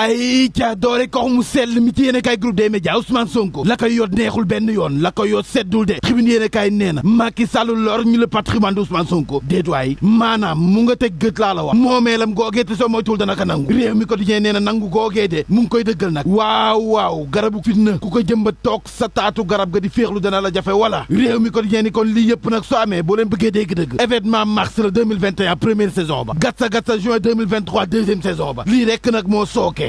ay ca doore kox mu sell mi ci yéen a kaay groupe des médias Ousmane Sonko la neexul benn yoon la koy yot seddul de tribune yéen a kaay nee na Macky Sall lor ñu le patrimoine de Ousmane Sonko déetuwaay maanaam mu nga teg gët laa la wax moomeelam googee te soo moytuwul dana ko nangu réew mi quotidien nee na nangu googee de mu ngi koy dëggal nag waaw waaw garabu fitna ku ko jëmba toog sa taatu garab ga di féexlu dana la jafe wala réew mi quotidien ni kon lii yëpp nag soo amee boo leen bëggee dégg dëgg événement ba gatsa gatsa juin 2023 deuxième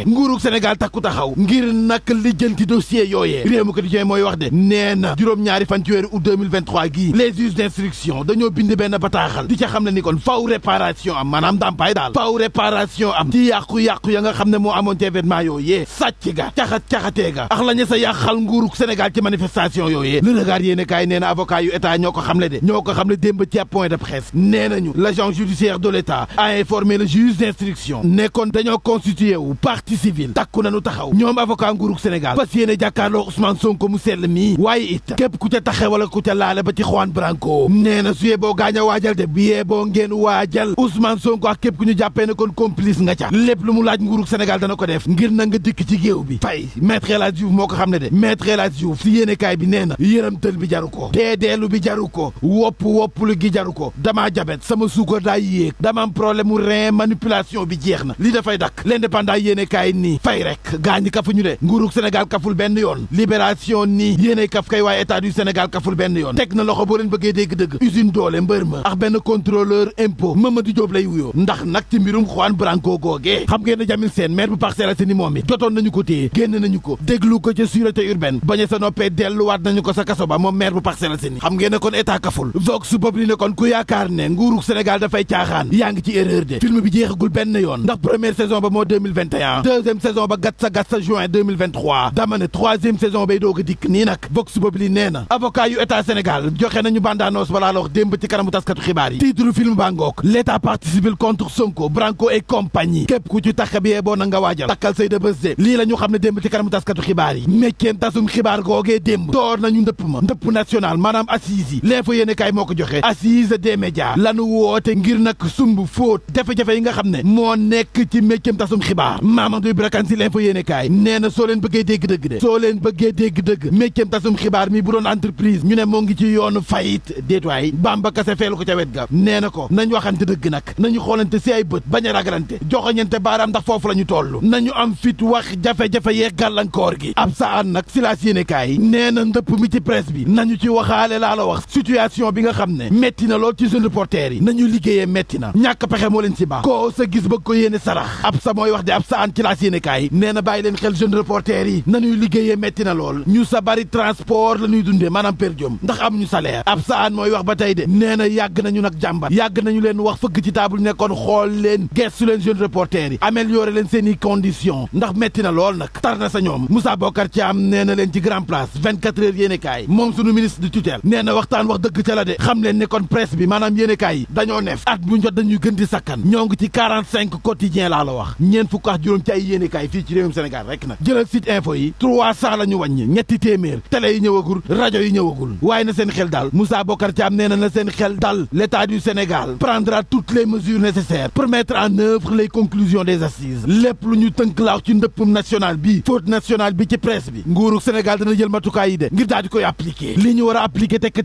loolee nguurug Sénégal takku taxaw ngir nag lijjanti dossier yooyee réew mi ko di mooy wax de nee na juróom-ñaari fan ci weeru août 2023 gii les juges d'instruction dañoo bind benn bataaxal di ca xam ne ni kon faw réparation am maanaam ndàmpaay daal faw réparation am ci yàqu-yàqu ya nga xam ne moo amoon ci événement yooyee sàcc ga caxat-caxatee ga ax la ña sa yàqal nguurug Sénégal ci manifestation yooyee le regard yéene kaay nee na avocat yu état ñoo ko xam le de ñoo ko xam le démb ci point de presse nee nañu l'agent judiciaire de l'état ne kon dañoo constitué wu partie civile takku na nañu taxaw ñoom avocat nguurug Sénégal fas yéene jàkkaarloo Ousmane Sonko mu sell mii waaye it képp ku ca taxe wala ku ca laale ba ci Juan Branco nee na su yee boo a waajal de bu yee boo ngeen waajal Ousmane Sonko ak képp ku ñu jàppee na kon complice nga ca lépp lu mu laaj nguurug Sénégal dana ko def ngir na nga dikk ci géew bi fay maître El Hadj moo ko xam ne de maître El Hadj Diouf si yéenekaay bi nee na yëramtël bi jaru ko deedeelu bi jaru ko wopp wopplu gi jaru ko damaa jabet sama suukar daa yéeg dama am manipulation bi jeex na li dafay dakk l'indépendant yéene kaay nii fay rek gaañ kafu ñu de nguurug Sénégal kaful benn yoon libération nii yéenay kaf kay waaye état du Sénégal kaful benn yoon teg na loxo boo leen bëggee dégg-dëgg usine doole mbër ma ak benn contrôleur impôt Mamadou Diop lay wuyoo ndax nag ci mbirum Juan Branco googee xam ngeen ne Jamil Sène bu Parcelles Assainies moom mi jotoon nañu ko téye génn nañu ko déglu ko ca sûreté urbaine baña sa noppee delluwaat nañu ko sa kaso ba moom maire bu Parcelles Assainies yoon ndax deuxième saison ba gat sa gat sa juin 2023 dama ne troisième saison bay doog a dikk nii nag Vox Populi nee na avocat yu état joxe nañu bandaanoos balaa démb ci kanamu taskatu xibaar yi titre film bangook l'état partie civile contre Sonko Branco et compagnie képp ku ci takk bi yee boo na nga waajal takkal say de bés de lii la xam ne démb ci kanamu taskatu xibaar yi mékkeen tasum xibaar googee démb door nañu ndëpp ma ndëpp national maanaam assise yi l'info yéene kaay nga xam ne moo nekk ci mékkeem tasum xibaar Amadou Ibra Kane si l'info yéene kaay nee na soo leen bëggee dégg dëgg de soo leen bëggee dégg dëgg mécceem xibaar mi bu doon entreprise ñu ne moo ngi ci yoonu fayit déetwaay Bamba Kassé feelu ko ca wet ga nee na ko nañ waxante dëgg nag nañu xoolante si ay bët bañ a ragalante joxoñante baaraam ndax foofu la ñu toll nañu am fit wax jafe-jafe gàllankoor gi ab saan nag si laas yéene kaay nee na ndëpp mi ci presse bi nañu ci waxaale laa la wax situation bi nga xam ne metti na lool ci jeune reporter yi nañu liggéeyee metti ñàkk pexe moo leen si baax sa gis bëgg ko yéene sarax ab sa mooy wax de ab saan ci laas yéene kaay nee na bàyyi leen xel jeune reporter yi nañuy liggéeyee metti na lool ñu sa bari transport la ñuy dundee per diem ndax am ñu salaire ab saan mooy wax ba tey de nee yàgg nañu nag jàmbat yàgg nañu leen wax fëgg ci table nekkoon xool leen gestu leen jeune reporter yi améliorer leen seen i ndax metti na lool nag tar na sa ñoom Moussa Bokar Thiam nee na leen ci grand place yéene kaay moom sunu ministre di sakkan ci ay yéenekaay fii ci réewum Sénégal rek nag jëlal site info yi trois cent la ñu wàññi ñetti téeméer télé yi ñëwagul rajo yi ñëwagul waaye na seen xel daal Moussa Bokar Thiam nee na na seen xel daal l'état du Sénégal prendra toutes les mesures nécessaires pour en œuvre les conclusions des assises lépp lu ñu tënk laaw ci ndëppum national bi faute nationale bi ci presse bi nguuru Sénégal dana jël matukaay yi de ngir daal koy appliquer li ñu war a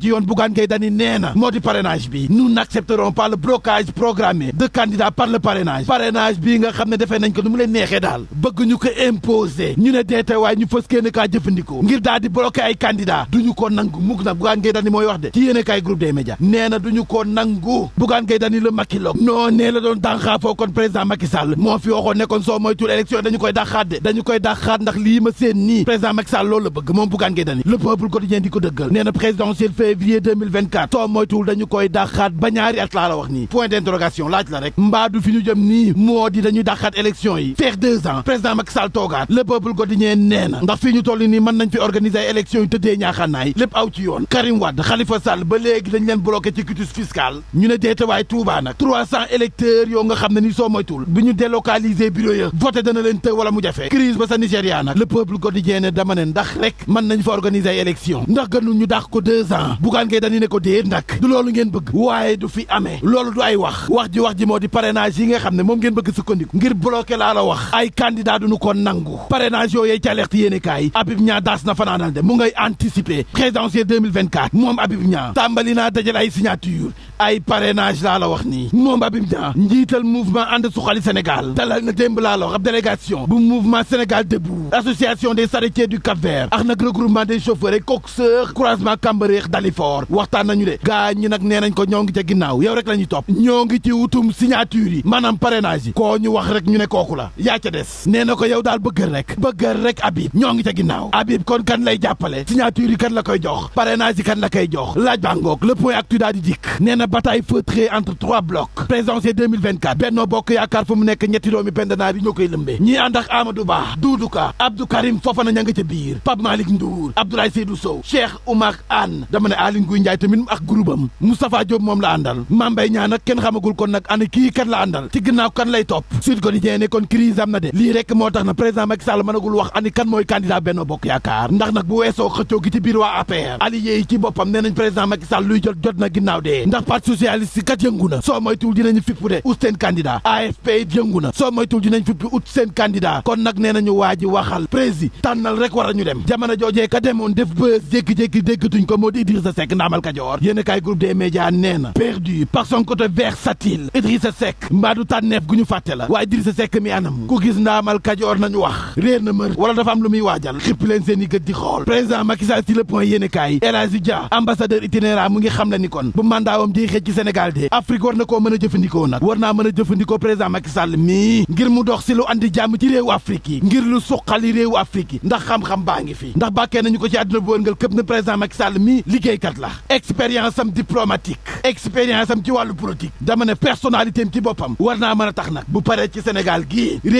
yoon Bougane Gueye Dany nee na bi nous n'accepterons pas le nga xam ne defee nañ ko nu mu waxee daal bëgg ñu ko imposer ñu ne deete waaye ñu fës kenn jëfandikoo ngir daal di bloqué ay candidat du ko nangu mukk nag bugaan ngay mooy wax de ci yéen kaay groupe des nee na du ko nangu bugaan ngay dani la makiloog noo nee la doon dànxaafoo kon président Macky Sall moo fi waxoon nekkoon soo moytul élection dañu koy dàxaat de dañu koy dàxaat ndax lii ma seen nii président Macky Sall loolu la bëgg moom bugaan ngay deux ans président Macky Sall toogaat le peuple nee na ndax fii ñu toll nii mën nañ fi organiser ay yu tëddee ñaaxanaay lépp aw ci yoon Karim Wade Khalifa Sall ba léegi dañ leen bloqué ci cutus fiscal ñu ne deetewaay Touba nag trois cent électeurs yoo nga xam ne ni soo moytul bi ñu délocaliser bureau ya voté dana leen të wala mu jafe crise ba sa Nigéria nag le peuple ne dama ne ndax rek mën nañ fa organiser ay ndax ay candidat duñu ko nangu parrainage yooyu ci alerte yéene kaay Habib Niang daas na fanaanal de mu ngay anticiper présidentielle 2024 moom Habib Niang tàmbali naa dajal ay signature ay parrainage laa la wax nii moom Habib Niang njiital mouvement ànd suxali Sénégal dalal na démb laa la wax ab bu mouvement Sénégal debout association des charretiers du Cap-Vert ak nag regroupement des chauffeurs et coxeurs croisement Cambérène Dalifort waxtaan nañu de gaa ñi nag nee nañ ko ñoo ngi ca ginnaaw yow rek la ñuy ngi ci wutum signature yi maanaam parrainage yi koo ñu wax rek ñu ne kooku la yaa ca des nee na ko yow daal bëggal rek bëggal rek Habib ñoo ngi ca ginnaaw Habib kon kan lay jàppale signature kan la koy jox parrainage yi kan la koy jox laaj baa ngoog le point actu daal di dikk nee na bataille feutrée entre trois blocs présidentielle 2024 Bokk Yaakaar fu mu nekk ñetti doomi pendanaa bi ñoo koy lëmbee ñii ànd ak Amadou Ba Doudou Ka Abdou Karim Fofana ca biir Pape Malick Ndour Abdoulaye Seydou Sow Cheikh Oumar Anne dama ne Aline Guy la am na de lii rek moo tax na président Macky Sall mënagul wax ani kan mooy candidat Benno Bokk Yaakaar ndax nag bu weesoo xëccoo gi ci biir waa APR allié yi ci boppam nee nañ président Macky luy jot jot na ginnaaw de ndax parti socialiste kat yëngu na soo moytuwul dinañu fippu de ut seen candidat AFP it yëngu na soo moytuwul dinañ fippi ut seen candidat kon nag nee nañu waa waxal prési tànnal rek war a ñu dem jamono joojee ka demoon def bës jékki ko moo di Idrissa Seck ndaamal Kajoor yéen kay groupe des médias nee ku gis ndaamal kajoor nañu wax réer na mër wala dafa am lu muy waajal xippi seen i gët di xool président Macky ci le point yéene kaay El Hadji mu ngi xam ni kon bu mandaawam jeexee ci Sénégal de Afrique war na koo mën a jëfandikoo nag war naa mën a jëfandikoo président Macky Sall mii ngir mu dox si lu andi jàmm ci réewu Afrique yi ngir lu suqali réewu Afrique yi ndax xam-xam baa ngi fi ndax bàkkee nañu ko ci àdduna bu wërngal këpp na président Macky Sall mii liggéeykat la expérience am diplomatique expérience am ci wàllu politique dama ne personnalité am ci boppam war naa mën a tax nag bu paree ci Sénégal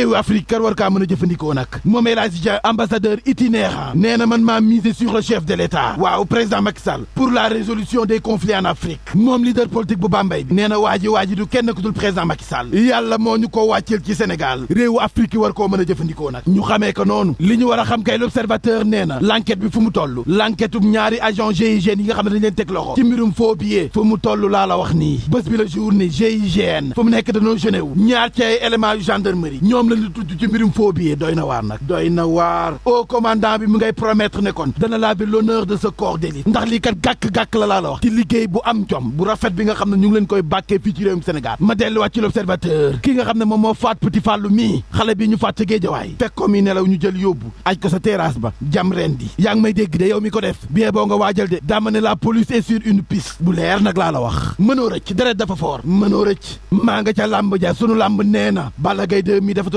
réewu Afrique kar war kaa mën a jëfandikoo nag moom El Hadji Dia ambassadeur itinéraire nee na man maa miser sur le chef de l'État waaw président Macky pour la résolution des conflits en Afrique moom leader politique bu Bambey bi nee na waa du kenn ku président Macky yàlla moo ñu ko wàcceel ci Sénégal réewu Afrique war koo mën a jëfandikoo nag ñu xamee ko noonu li ñu war a xam kay l'observateur nee na l'enquête bi fu mu toll l'enquête um ñaari agent ne dañ leen teg loxo ci mbirum faux billets wu ñaar ci ay li tudd ci mbirum faux billets doy na waar nag doy na waar au commandant bi mu ngay promettre ne dana laa bi l'honneur de ce corps d'élite ndax lii kat gàkk-gàkk la laa la wax ci liggéey bu am jom bu rafet bi nga xam ne ñu leen koy bàkkee fii ci réewum Sénégal ma delluwaat ci l'observateur ki nga xam ne moom moo faat petit fàllu mii xale bi ñu faat ca géejawaay fekk mi nelaw ñu jël yóbbu aj ko sa terrasse ba jam ren di yaa ngi may dégg de yow mi ko def bien boo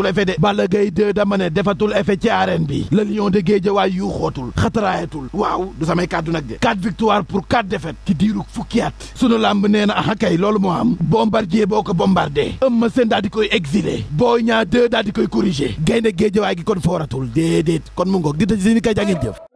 efe de Balla Gaye 2 dama ne defatul effet ci arène bi le lion de Guédiawaye yu xootul xataraayatul waaw du samay kàddu nag de quatre victoires pour quatre défaites ci diiru fukki at sunu làmb nee na ah loolu moo am bombardier boo ko bombardé Eumeu Sène daal di koy exilé Boy Niang 2 daal di koy corrigé gaynde Guédiawaye gi kon fooratul déedéet kon mu ngoog di tëj si ni kay jàngeen jëf